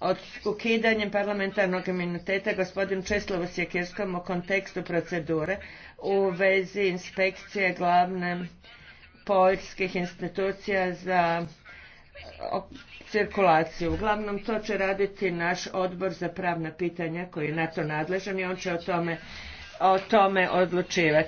od ukidanjem parlamentarnog imuniteta gospodin Česlavu Sjekirskom u kontekstu procedure u vezi inspekcije glavne poljskih institucija za cirkulaciju. Uglavnom to će raditi naš odbor za pravna pitanja koji je na to nadležan i on će o tome, o tome odlučivati.